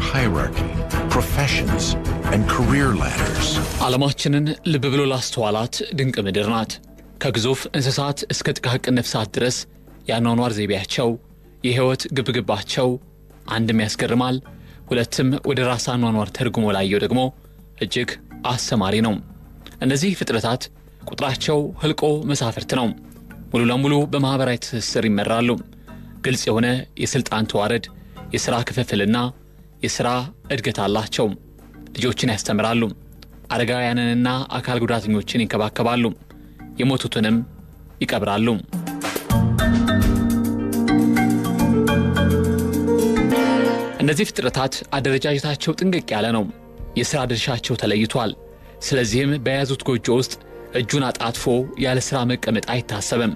hierarchy, professions, and career ladders. ዓለማችንን ልብ ብሎ ላስተዋላት ድንቅ ምድር ናት። ከግዙፍ እንስሳት እስከ ጥቃቅን ነፍሳት ድረስ የአኗኗር ዘይቤያቸው፣ የሕይወት ግብግባቸው አንድም ያስገርማል፣ ሁለትም ወደ ራስ አኗኗር ተርጉሞ ላየው ደግሞ እጅግ አስተማሪ ነው። እነዚህ ፍጥረታት ቁጥራቸው ህልቆ መሳፍርት ነው። ሙሉ ለሙሉ በማኅበራዊ ትስስር ይመራሉ። ግልጽ የሆነ የሥልጣን ተዋረድ፣ የሥራ ክፍፍልና የሥራ እድገት አላቸው። ልጆችን ያስተምራሉ። አረጋውያንንና አካል ጉዳተኞችን ይንከባከባሉ። የሞቱትንም ይቀብራሉ። እነዚህ ፍጥረታት አደረጃጀታቸው ጥንቅቅ ያለ ነው። የሥራ ድርሻቸው ተለይቷል። ስለዚህም በያዙት ጎጆ ውስጥ እጁን አጣጥፎ ያለ ሥራ መቀመጥ አይታሰብም።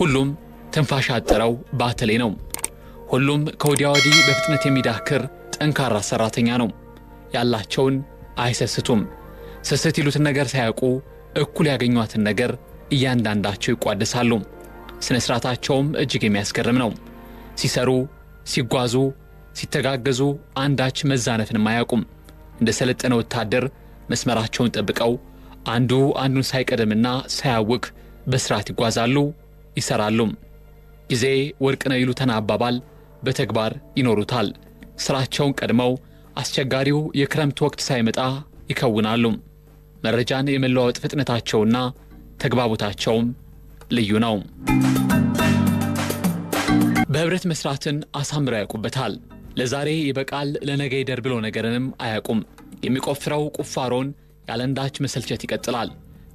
ሁሉም ትንፋሽ አጥረው ባተሌ ነው። ሁሉም ከወዲያ ወዲህ በፍጥነት የሚዳክር ጠንካራ ሠራተኛ ነው። ያላቸውን አይሰስቱም። ስስት ይሉትን ነገር ሳያውቁ እኩል ያገኟትን ነገር እያንዳንዳቸው ይቋደሳሉ። ሥነ ሥርዓታቸውም እጅግ የሚያስገርም ነው። ሲሰሩ፣ ሲጓዙ፣ ሲተጋገዙ አንዳች መዛነፍንም አያውቁም። እንደ ሰለጠነ ወታደር መስመራቸውን ጠብቀው አንዱ አንዱን ሳይቀደምና ሳያውቅ በስርዓት ይጓዛሉ፣ ይሰራሉ። ጊዜ ወርቅ ነው ይሉትን አባባል በተግባር ይኖሩታል። ስራቸውን ቀድመው አስቸጋሪው የክረምት ወቅት ሳይመጣ ይከውናሉ። መረጃን የመለዋወጥ ፍጥነታቸውና ተግባቦታቸውም ልዩ ነው። በህብረት መስራትን አሳምረው ያውቁበታል። ለዛሬ ይበቃል ለነገ ይደር ብሎ ነገርንም አያውቁም። የሚቆፍረው ቁፋሮን ያለንዳች መሰልቸት ይቀጥላል።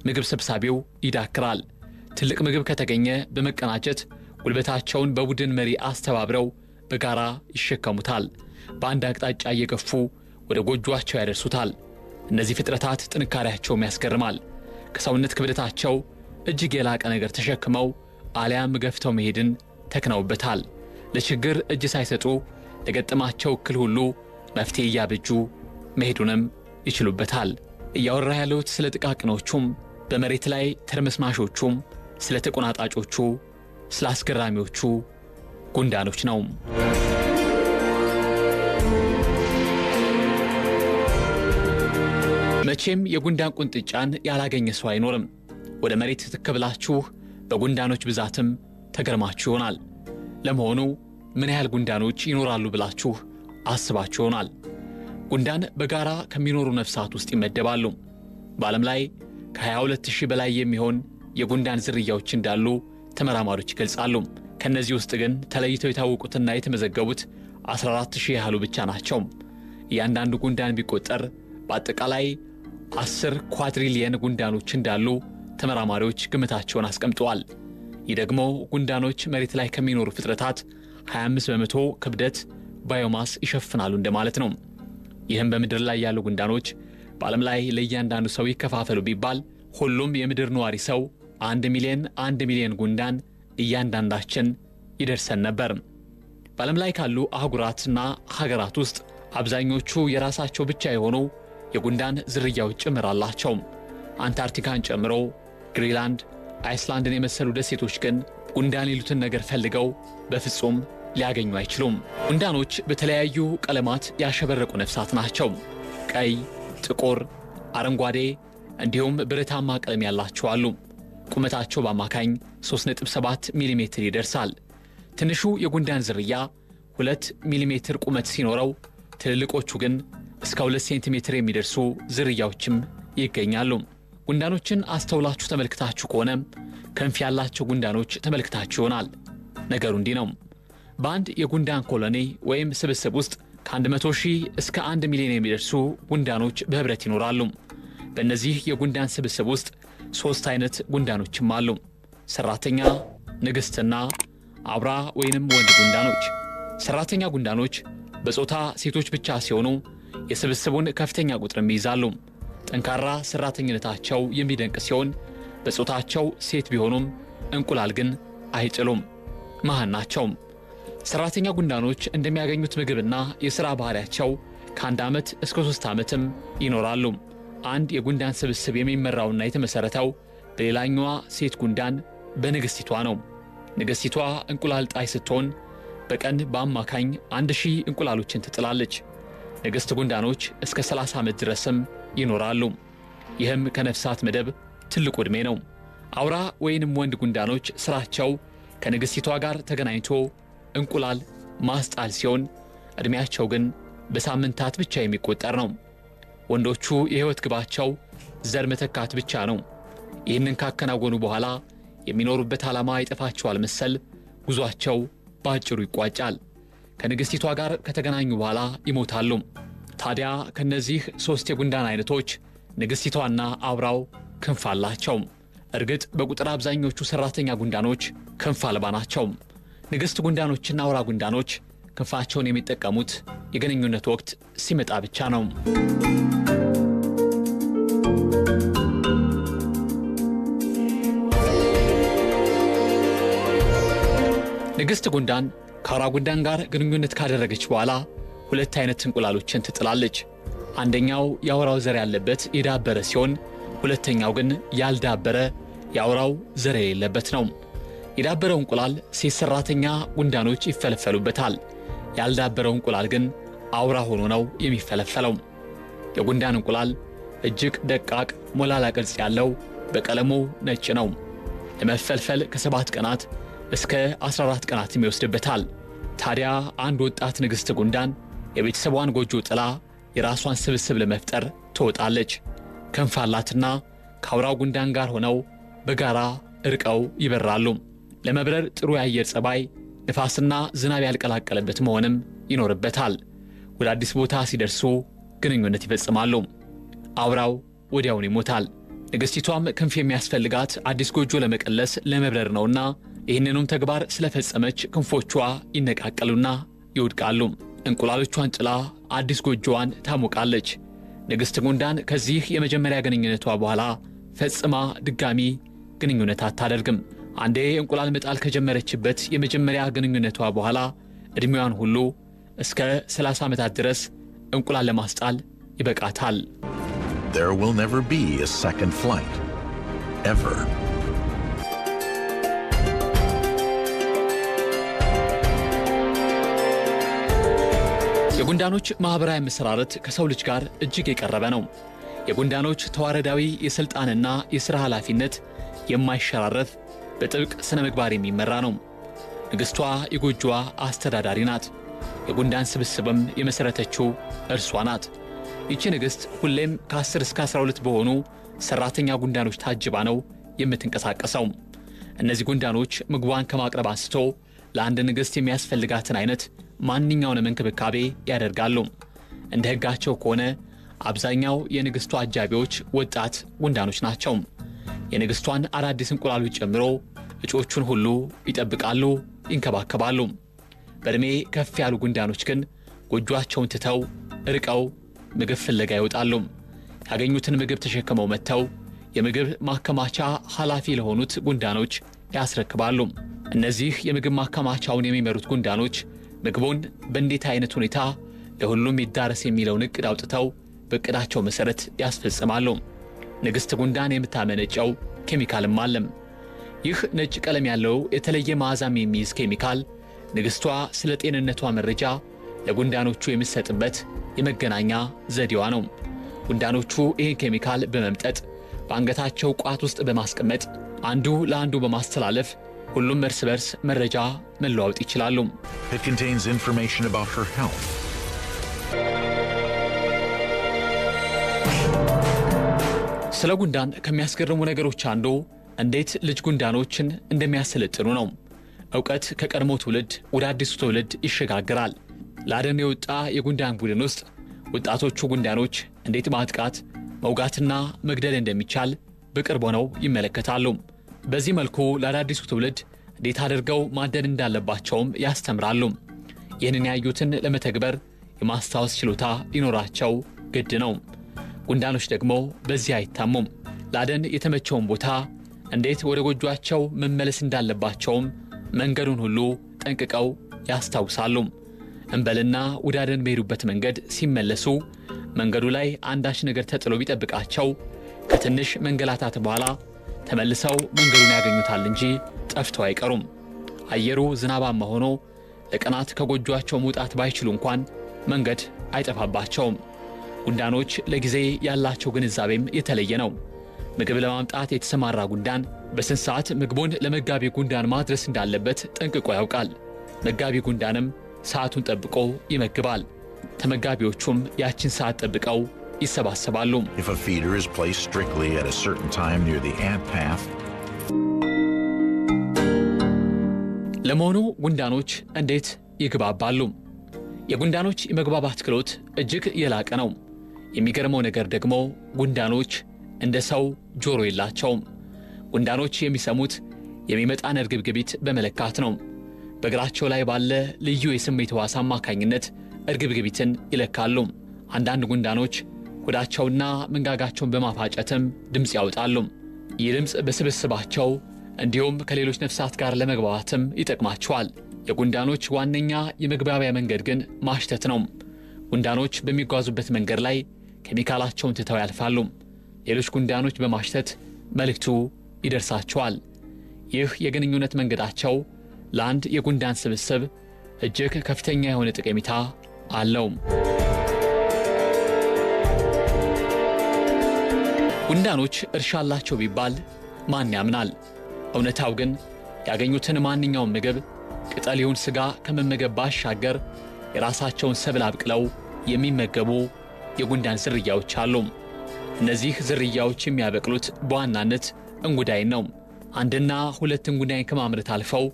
ምግብ ሰብሳቢው ይዳክራል። ትልቅ ምግብ ከተገኘ በመቀናጀት ጉልበታቸውን በቡድን መሪ አስተባብረው በጋራ ይሸከሙታል። በአንድ አቅጣጫ እየገፉ ወደ ጎጇቸው ያደርሱታል። እነዚህ ፍጥረታት ጥንካሬያቸውም ያስገርማል። ከሰውነት ክብደታቸው እጅግ የላቀ ነገር ተሸክመው አሊያም ገፍተው መሄድን ተክነውበታል። ለችግር እጅ ሳይሰጡ ለገጠማቸው እክል ሁሉ መፍትሄ እያብጁ መሄዱንም ይችሉበታል። እያወራ ያለሁት ስለ ጥቃቅኖቹም በመሬት ላይ ተርመስማሾቹም፣ ስለ ተቆናጣጮቹ፣ ስለ አስገራሚዎቹ ጉንዳኖች ነው። መቼም የጉንዳን ቁንጥጫን ያላገኘ ሰው አይኖርም። ወደ መሬት ትክ በጉንዳኖች ብዛትም ተገርማችሁ ይሆናል። ለመሆኑ ምን ያህል ጉንዳኖች ይኖራሉ ብላችሁ አስባችሁ ይሆናል። ጉንዳን በጋራ ከሚኖሩ ነፍሳት ውስጥ ይመደባሉ። በዓለም ላይ ከ22000 በላይ የሚሆን የጉንዳን ዝርያዎች እንዳሉ ተመራማሪዎች ይገልጻሉ። ከእነዚህ ውስጥ ግን ተለይተው የታወቁትና የተመዘገቡት 14000 ያህሉ ብቻ ናቸው። እያንዳንዱ ጉንዳን ቢቆጠር በአጠቃላይ አስር ኳድሪሊየን ጉንዳኖች እንዳሉ ተመራማሪዎች ግምታቸውን አስቀምጠዋል። ይህ ደግሞ ጉንዳኖች መሬት ላይ ከሚኖሩ ፍጥረታት 25 በመቶ ክብደት ባዮማስ ይሸፍናሉ እንደማለት ነው። ይህም በምድር ላይ ያሉ ጉንዳኖች በዓለም ላይ ለእያንዳንዱ ሰው ይከፋፈሉ ቢባል ሁሉም የምድር ነዋሪ ሰው አንድ ሚሊዮን አንድ ሚሊዮን ጉንዳን እያንዳንዳችን ይደርሰን ነበር። በዓለም ላይ ካሉ አህጉራትና ሀገራት ውስጥ አብዛኞቹ የራሳቸው ብቻ የሆኑ የጉንዳን ዝርያዎች ጭምር አላቸው። አንታርክቲካን ጨምሮ ግሪንላንድ፣ አይስላንድን የመሰሉ ደሴቶች ግን ጉንዳን ይሉትን ነገር ፈልገው በፍጹም ሊያገኙ አይችሉም። ጉንዳኖች በተለያዩ ቀለማት ያሸበረቁ ነፍሳት ናቸው። ቀይ፣ ጥቁር፣ አረንጓዴ እንዲሁም ብረታማ ቀለም ያላቸው አሉ። ቁመታቸው በአማካኝ 3.7 ሚሜ ይደርሳል። ትንሹ የጉንዳን ዝርያ 2 ሚሜ ቁመት ሲኖረው ትልልቆቹ ግን እስከ 2 ሴንቲሜትር የሚደርሱ ዝርያዎችም ይገኛሉ። ጉንዳኖችን አስተውላችሁ ተመልክታችሁ ከሆነ ክንፍ ያላቸው ጉንዳኖች ተመልክታችሁ ይሆናል። ነገሩ እንዲህ ነው። በአንድ የጉንዳን ኮሎኒ ወይም ስብስብ ውስጥ ከ100 ሺህ እስከ 1 ሚሊዮን የሚደርሱ ጉንዳኖች በህብረት ይኖራሉ። በእነዚህ የጉንዳን ስብስብ ውስጥ ሦስት አይነት ጉንዳኖችም አሉ። ሰራተኛ፣ ንግሥትና አብራ ወይንም ወንድ ጉንዳኖች። ሰራተኛ ጉንዳኖች በጾታ ሴቶች ብቻ ሲሆኑ የስብስቡን ከፍተኛ ቁጥርም ይይዛሉ። ጠንካራ ሰራተኝነታቸው የሚደንቅ ሲሆን በጾታቸው ሴት ቢሆኑም እንቁላል ግን አይጭሉም። መሃን ናቸው። ሰራተኛ ጉንዳኖች እንደሚያገኙት ምግብና የሥራ ባህሪያቸው ከአንድ ዓመት እስከ ሦስት ዓመትም ይኖራሉ። አንድ የጉንዳን ስብስብ የሚመራውና የተመሠረተው በሌላኛዋ ሴት ጉንዳን በንግሥቲቷ ነው። ንግሥቲቷ እንቁላል ጣይ ስትሆን በቀን በአማካኝ አንድ ሺህ እንቁላሎችን ትጥላለች። ንግሥት ጉንዳኖች እስከ 30 ዓመት ድረስም ይኖራሉ። ይህም ከነፍሳት መደብ ትልቁ ዕድሜ ነው። አውራ ወይንም ወንድ ጉንዳኖች ሥራቸው ከንግሥቲቷ ጋር ተገናኝቶ እንቁላል ማስጣል ሲሆን ዕድሜያቸው ግን በሳምንታት ብቻ የሚቆጠር ነው። ወንዶቹ የሕይወት ግባቸው ዘር መተካት ብቻ ነው። ይህንን ካከናወኑ በኋላ የሚኖሩበት ዓላማ ይጠፋቸዋል መሰል ጉዟቸው በአጭሩ ይቋጫል። ከንግሥቲቷ ጋር ከተገናኙ በኋላ ይሞታሉ። ታዲያ ከነዚህ ሦስት የጉንዳን አይነቶች ንግሥቲቷና አብራው ክንፍ አላቸው። እርግጥ በቁጥር አብዛኞቹ ሠራተኛ ጉንዳኖች ክንፍ አልባ ናቸው። ንግሥት ጉንዳኖችና አውራ ጉንዳኖች ክንፋቸውን የሚጠቀሙት የግንኙነት ወቅት ሲመጣ ብቻ ነው። ንግሥት ጉንዳን ከአውራጉዳን ጋር ግንኙነት ካደረገች በኋላ ሁለት አይነት እንቁላሎችን ትጥላለች። አንደኛው የአውራው ዘር ያለበት የዳበረ ሲሆን፣ ሁለተኛው ግን ያልዳበረ የአውራው ዘር የሌለበት ነው። የዳበረው እንቁላል ሴት ሰራተኛ ጉንዳኖች ይፈለፈሉበታል። ያልዳበረው እንቁላል ግን አውራ ሆኖ ነው የሚፈለፈለው። የጉንዳን እንቁላል እጅግ ደቃቅ ሞላላ ቅርጽ ያለው በቀለሙ ነጭ ነው። ለመፈልፈል ከሰባት ቀናት እስከ 14 ቀናትም ይወስድበታል። ታዲያ አንድ ወጣት ንግሥት ጉንዳን የቤተሰቧን ጎጆ ጥላ የራሷን ስብስብ ለመፍጠር ትወጣለች። ክንፍ አላትና ከአውራው ጉንዳን ጋር ሆነው በጋራ እርቀው ይበራሉ። ለመብረር ጥሩ የአየር ጸባይ፣ ንፋስና ዝናብ ያልቀላቀለበት መሆንም ይኖርበታል። ወደ አዲስ ቦታ ሲደርሱ ግንኙነት ይፈጽማሉ። አውራው ወዲያውን ይሞታል። ንግሥቲቷም ክንፍ የሚያስፈልጋት አዲስ ጎጆ ለመቀለስ ለመብረር ነውና ይህንኑም ተግባር ስለፈጸመች ክንፎቿ ይነቃቀሉና ይወድቃሉ። እንቁላሎቿን ጭላ አዲስ ጎጆዋን ታሞቃለች። ንግሥት ጉንዳን ከዚህ የመጀመሪያ ግንኙነቷ በኋላ ፈጽማ ድጋሚ ግንኙነት አታደርግም። አንዴ እንቁላል መጣል ከጀመረችበት የመጀመሪያ ግንኙነቷ በኋላ ዕድሜዋን ሁሉ እስከ 30 ዓመታት ድረስ እንቁላል ለማስጣል ይበቃታል። There will never be a second flight, ever. የጉንዳኖች ማኅበራዊ መሰራረት ከሰው ልጅ ጋር እጅግ የቀረበ ነው። የጉንዳኖች ተዋረዳዊ የሥልጣንና የሥራ ኃላፊነት የማይሸራረፍ በጥብቅ ሥነ ምግባር የሚመራ ነው። ንግሥቷ የጎጆዋ አስተዳዳሪ ናት። የጉንዳን ስብስብም የመሠረተችው እርሷ ናት። ይቺ ንግሥት ሁሌም ከ10 እስከ 12 በሆኑ ሠራተኛ ጉንዳኖች ታጅባ ነው የምትንቀሳቀሰው። እነዚህ ጉንዳኖች ምግቧን ከማቅረብ አንስቶ ለአንድ ንግሥት የሚያስፈልጋትን አይነት ማንኛውንም እንክብካቤ ያደርጋሉ። እንደ ሕጋቸው ከሆነ አብዛኛው የንግሥቱ አጃቢዎች ወጣት ጉንዳኖች ናቸው። የንግሥቷን አዳዲስ እንቁላሎች ጨምሮ እጮቹን ሁሉ ይጠብቃሉ፣ ይንከባከባሉ። በዕድሜ ከፍ ያሉ ጉንዳኖች ግን ጎጇቸውን ትተው እርቀው ምግብ ፍለጋ ይወጣሉ። ያገኙትን ምግብ ተሸክመው መጥተው የምግብ ማከማቻ ኃላፊ ለሆኑት ጉንዳኖች ያስረክባሉ። እነዚህ የምግብ ማከማቻውን የሚመሩት ጉንዳኖች ምግቡን በእንዴት አይነት ሁኔታ ለሁሉም ይዳረስ የሚለውን እቅድ አውጥተው በእቅዳቸው መሠረት ያስፈጽማሉ። ንግሥት ጉንዳን የምታመነጨው ኬሚካልም አለም። ይህ ነጭ ቀለም ያለው የተለየ መዓዛም የሚይዝ ኬሚካል ንግሥቷ ስለ ጤንነቷ መረጃ ለጉንዳኖቹ የምትሰጥበት የመገናኛ ዘዴዋ ነው። ጉንዳኖቹ ይህን ኬሚካል በመምጠጥ በአንገታቸው ቋት ውስጥ በማስቀመጥ አንዱ ለአንዱ በማስተላለፍ ሁሉም እርስ በርስ መረጃ መለዋወጥ ይችላሉ። ስለ ጉንዳን ከሚያስገርሙ ነገሮች አንዱ እንዴት ልጅ ጉንዳኖችን እንደሚያሰለጥኑ ነው። እውቀት ከቀድሞ ትውልድ ወደ አዲሱ ትውልድ ይሸጋግራል። ለአደን የወጣ የጉንዳን ቡድን ውስጥ ወጣቶቹ ጉንዳኖች እንዴት ማጥቃት፣ መውጋትና መግደል እንደሚቻል በቅርብ ሆነው ይመለከታሉ። በዚህ መልኩ ለአዳዲሱ ትውልድ እንዴት አድርገው ማደን እንዳለባቸውም ያስተምራሉ። ይህንን ያዩትን ለመተግበር የማስታወስ ችሎታ ሊኖራቸው ግድ ነው። ጉንዳኖች ደግሞ በዚህ አይታሙም። ላደን የተመቸውን ቦታ እንዴት ወደ ጎጇቸው መመለስ እንዳለባቸውም መንገዱን ሁሉ ጠንቅቀው ያስታውሳሉ። እንበልና ውዳደን አደን በሄዱበት መንገድ ሲመለሱ መንገዱ ላይ አንዳች ነገር ተጥሎ ቢጠብቃቸው ከትንሽ መንገላታት በኋላ ተመልሰው መንገዱን ያገኙታል እንጂ ጠፍተው አይቀሩም። አየሩ ዝናባማ ሆኖ ለቀናት ከጎጇቸው መውጣት ባይችሉ እንኳን መንገድ አይጠፋባቸውም። ጉንዳኖች ለጊዜ ያላቸው ግንዛቤም የተለየ ነው። ምግብ ለማምጣት የተሰማራ ጉንዳን በስንት ሰዓት ምግቡን ለመጋቢ ጉንዳን ማድረስ እንዳለበት ጠንቅቆ ያውቃል። መጋቢ ጉንዳንም ሰዓቱን ጠብቆ ይመግባል። ተመጋቢዎቹም ያችን ሰዓት ጠብቀው ይሰባሰባሉ። ለመሆኑ ጉንዳኖች እንዴት ይግባባሉ? የጉንዳኖች የመግባባት ክህሎት እጅግ የላቀ ነው። የሚገርመው ነገር ደግሞ ጉንዳኖች እንደ ሰው ጆሮ የላቸውም። ጉንዳኖች የሚሰሙት የሚመጣን እርግብግቢት በመለካት ነው። በእግራቸው ላይ ባለ ልዩ የስሜት ሕዋስ አማካኝነት እርግብግቢትን ይለካሉ። አንዳንድ ጉንዳኖች ቆዳቸውና መንጋጋቸውን በማፋጨትም ድምፅ ያወጣሉ። ይህ ድምፅ በስብስባቸው እንዲሁም ከሌሎች ነፍሳት ጋር ለመግባባትም ይጠቅማቸዋል። የጉንዳኖች ዋነኛ የመግባቢያ መንገድ ግን ማሽተት ነው። ጉንዳኖች በሚጓዙበት መንገድ ላይ ኬሚካላቸውን ትተው ያልፋሉ። ሌሎች ጉንዳኖች በማሽተት መልእክቱ ይደርሳቸዋል። ይህ የግንኙነት መንገዳቸው ለአንድ የጉንዳን ስብስብ እጅግ ከፍተኛ የሆነ ጠቀሜታ አለው። ጉንዳኖች እርሻ አላቸው ቢባል ማን ያምናል? እውነታው ግን ያገኙትን ማንኛውም ምግብ ቅጠሌውን ሥጋ ከመመገብ ባሻገር የራሳቸውን ሰብል አብቅለው የሚመገቡ የጉንዳን ዝርያዎች አሉ። እነዚህ ዝርያዎች የሚያበቅሉት በዋናነት እንጉዳይን ነው። አንድና ሁለት እንጉዳይን ከማምረት አልፈው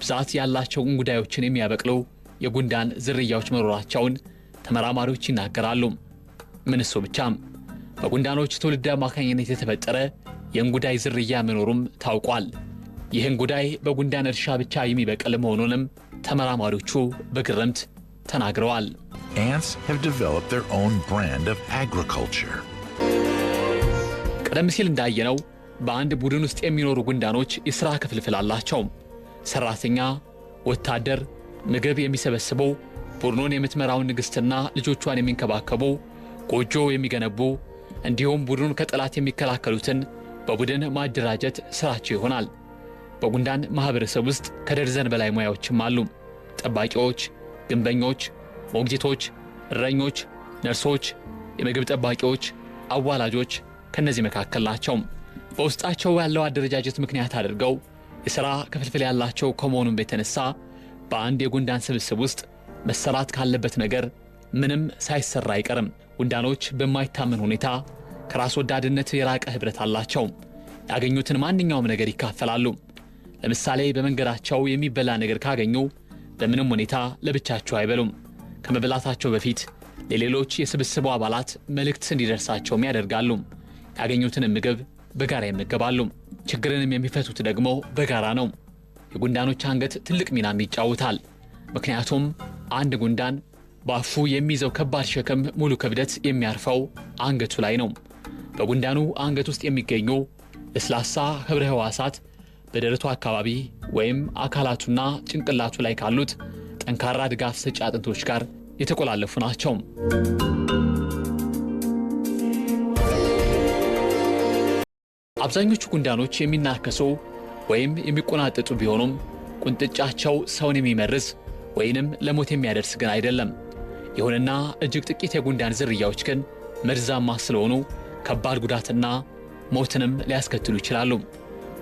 ብዛት ያላቸው እንጉዳዮችን የሚያበቅሉ የጉንዳን ዝርያዎች መኖራቸውን ተመራማሪዎች ይናገራሉ። ምንሱ ብቻም በጉንዳኖች ትውልድ አማካኝነት የተፈጠረ የእንጉዳይ ዝርያ መኖሩም ታውቋል። ይህ እንጉዳይ በጉንዳን እርሻ ብቻ የሚበቅል መሆኑንም ተመራማሪዎቹ በግርምት ተናግረዋል። Ants have developed their own brand of agriculture. ቀደም ሲል እንዳየነው በአንድ ቡድን ውስጥ የሚኖሩ ጉንዳኖች የሥራ ክፍልፍል አላቸው። ሠራተኛ፣ ወታደር፣ ምግብ የሚሰበስበው ቡድኑን የምትመራውን ንግሥትና ልጆቿን የሚንከባከቡ ጎጆ የሚገነቡ እንዲሁም ቡድኑን ከጠላት የሚከላከሉትን በቡድን ማደራጀት ስራቸው ይሆናል። በጉንዳን ማህበረሰብ ውስጥ ከደርዘን በላይ ሙያዎችም አሉ። ጠባቂዎች፣ ግንበኞች፣ ሞግዚቶች፣ እረኞች፣ ነርሶች፣ የምግብ ጠባቂዎች፣ አዋላጆች ከእነዚህ መካከል ናቸው። በውስጣቸው ያለው አደረጃጀት ምክንያት አድርገው የሥራ ክፍልፍል ያላቸው ከመሆኑም የተነሳ በአንድ የጉንዳን ስብስብ ውስጥ መሰራት ካለበት ነገር ምንም ሳይሰራ አይቀርም። ጉንዳኖች በማይታመን ሁኔታ ከራስ ወዳድነት የራቀ ኅብረት አላቸው። ያገኙትን ማንኛውም ነገር ይካፈላሉ። ለምሳሌ በመንገዳቸው የሚበላ ነገር ካገኙ በምንም ሁኔታ ለብቻቸው አይበሉም። ከመብላታቸው በፊት ለሌሎች የስብስቡ አባላት መልእክት እንዲደርሳቸውም ያደርጋሉ። ያገኙትንም ምግብ በጋራ ይመገባሉ። ችግርንም የሚፈቱት ደግሞ በጋራ ነው። የጉንዳኖች አንገት ትልቅ ሚናም ይጫወታል። ምክንያቱም አንድ ጉንዳን በአፉ የሚይዘው ከባድ ሸክም ሙሉ ክብደት የሚያርፈው አንገቱ ላይ ነው። በጉንዳኑ አንገት ውስጥ የሚገኙ ለስላሳ ህብረ ህዋሳት በደረቱ አካባቢ ወይም አካላቱና ጭንቅላቱ ላይ ካሉት ጠንካራ ድጋፍ ሰጪ አጥንቶች ጋር የተቆላለፉ ናቸው። አብዛኞቹ ጉንዳኖች የሚናከሱ ወይም የሚቆናጠጡ ቢሆኑም ቁንጥጫቸው ሰውን የሚመርዝ ወይንም ለሞት የሚያደርስ ግን አይደለም። ይሁንና እጅግ ጥቂት የጉንዳን ዝርያዎች ግን መርዛማ ስለሆኑ ከባድ ጉዳትና ሞትንም ሊያስከትሉ ይችላሉ።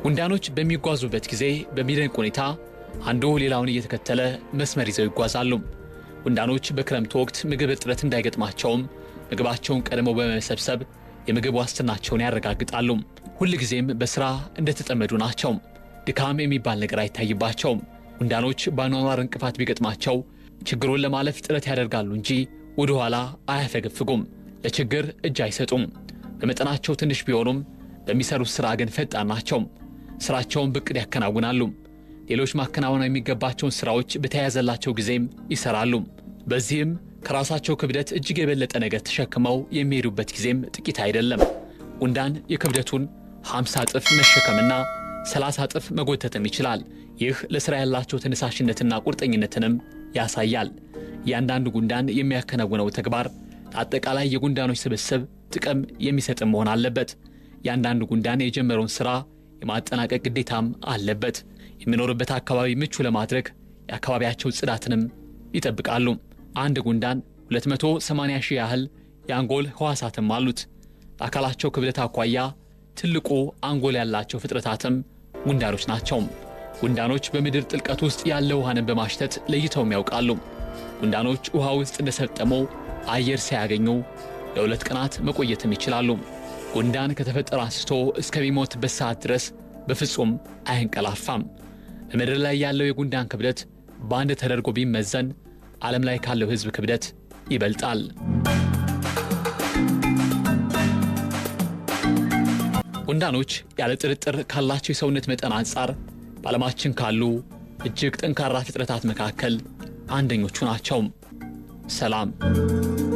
ጉንዳኖች በሚጓዙበት ጊዜ በሚደንቅ ሁኔታ አንዱ ሌላውን እየተከተለ መስመር ይዘው ይጓዛሉ። ጉንዳኖች በክረምቱ ወቅት ምግብ እጥረት እንዳይገጥማቸውም ምግባቸውን ቀድመው በመሰብሰብ የምግብ ዋስትናቸውን ያረጋግጣሉ። ሁልጊዜም በሥራ እንደተጠመዱ ናቸው። ድካም የሚባል ነገር አይታይባቸውም። ጉንዳኖች በአኗኗር እንቅፋት ቢገጥማቸው ችግሩን ለማለፍ ጥረት ያደርጋሉ እንጂ ወደ ኋላ አያፈገፍጉም። ለችግር እጅ አይሰጡም። በመጠናቸው ትንሽ ቢሆኑም በሚሰሩት ሥራ ግን ፈጣን ናቸው። ሥራቸውን ብቅድ ያከናውናሉ። ሌሎች ማከናወን የሚገባቸውን ሥራዎች በተያያዘላቸው ጊዜም ይሠራሉ። በዚህም ከራሳቸው ክብደት እጅግ የበለጠ ነገር ተሸክመው የሚሄዱበት ጊዜም ጥቂት አይደለም። ጉንዳን የክብደቱን 50 እጥፍ መሸከምና 30 እጥፍ መጎተትም ይችላል። ይህ ለሥራ ያላቸው ተነሳሽነትና ቁርጠኝነትንም ያሳያል። እያንዳንዱ ጉንዳን የሚያከናውነው ተግባር አጠቃላይ የጉንዳኖች ስብስብ ጥቅም የሚሰጥም መሆን አለበት። እያንዳንዱ ጉንዳን የጀመረውን ሥራ የማጠናቀቅ ግዴታም አለበት። የሚኖርበት አካባቢ ምቹ ለማድረግ የአካባቢያቸው ጽዳትንም ይጠብቃሉ። አንድ ጉንዳን 280 ሺህ ያህል የአንጎል ህዋሳትም አሉት። አካላቸው ክብደት አኳያ ትልቁ አንጎል ያላቸው ፍጥረታትም ጉንዳኖች ናቸው። ጉንዳኖች በምድር ጥልቀት ውስጥ ያለ ውሃንን በማሽተት ለይተውም ያውቃሉ። ጉንዳኖች ውሃ ውስጥ እንደሰጠመው አየር ሳያገኙ ለሁለት ቀናት መቆየትም ይችላሉ። ጉንዳን ከተፈጠረ አንስቶ እስከሚሞትበት ሰዓት ድረስ በፍጹም አያንቀላፋም። በምድር ላይ ያለው የጉንዳን ክብደት በአንድ ተደርጎ ቢመዘን ዓለም ላይ ካለው ሕዝብ ክብደት ይበልጣል። ጉንዳኖች ያለ ጥርጥር ካላቸው የሰውነት መጠን አንጻር በዓለማችን ካሉ እጅግ ጠንካራ ፍጥረታት መካከል አንደኞቹ ናቸው። ሰላም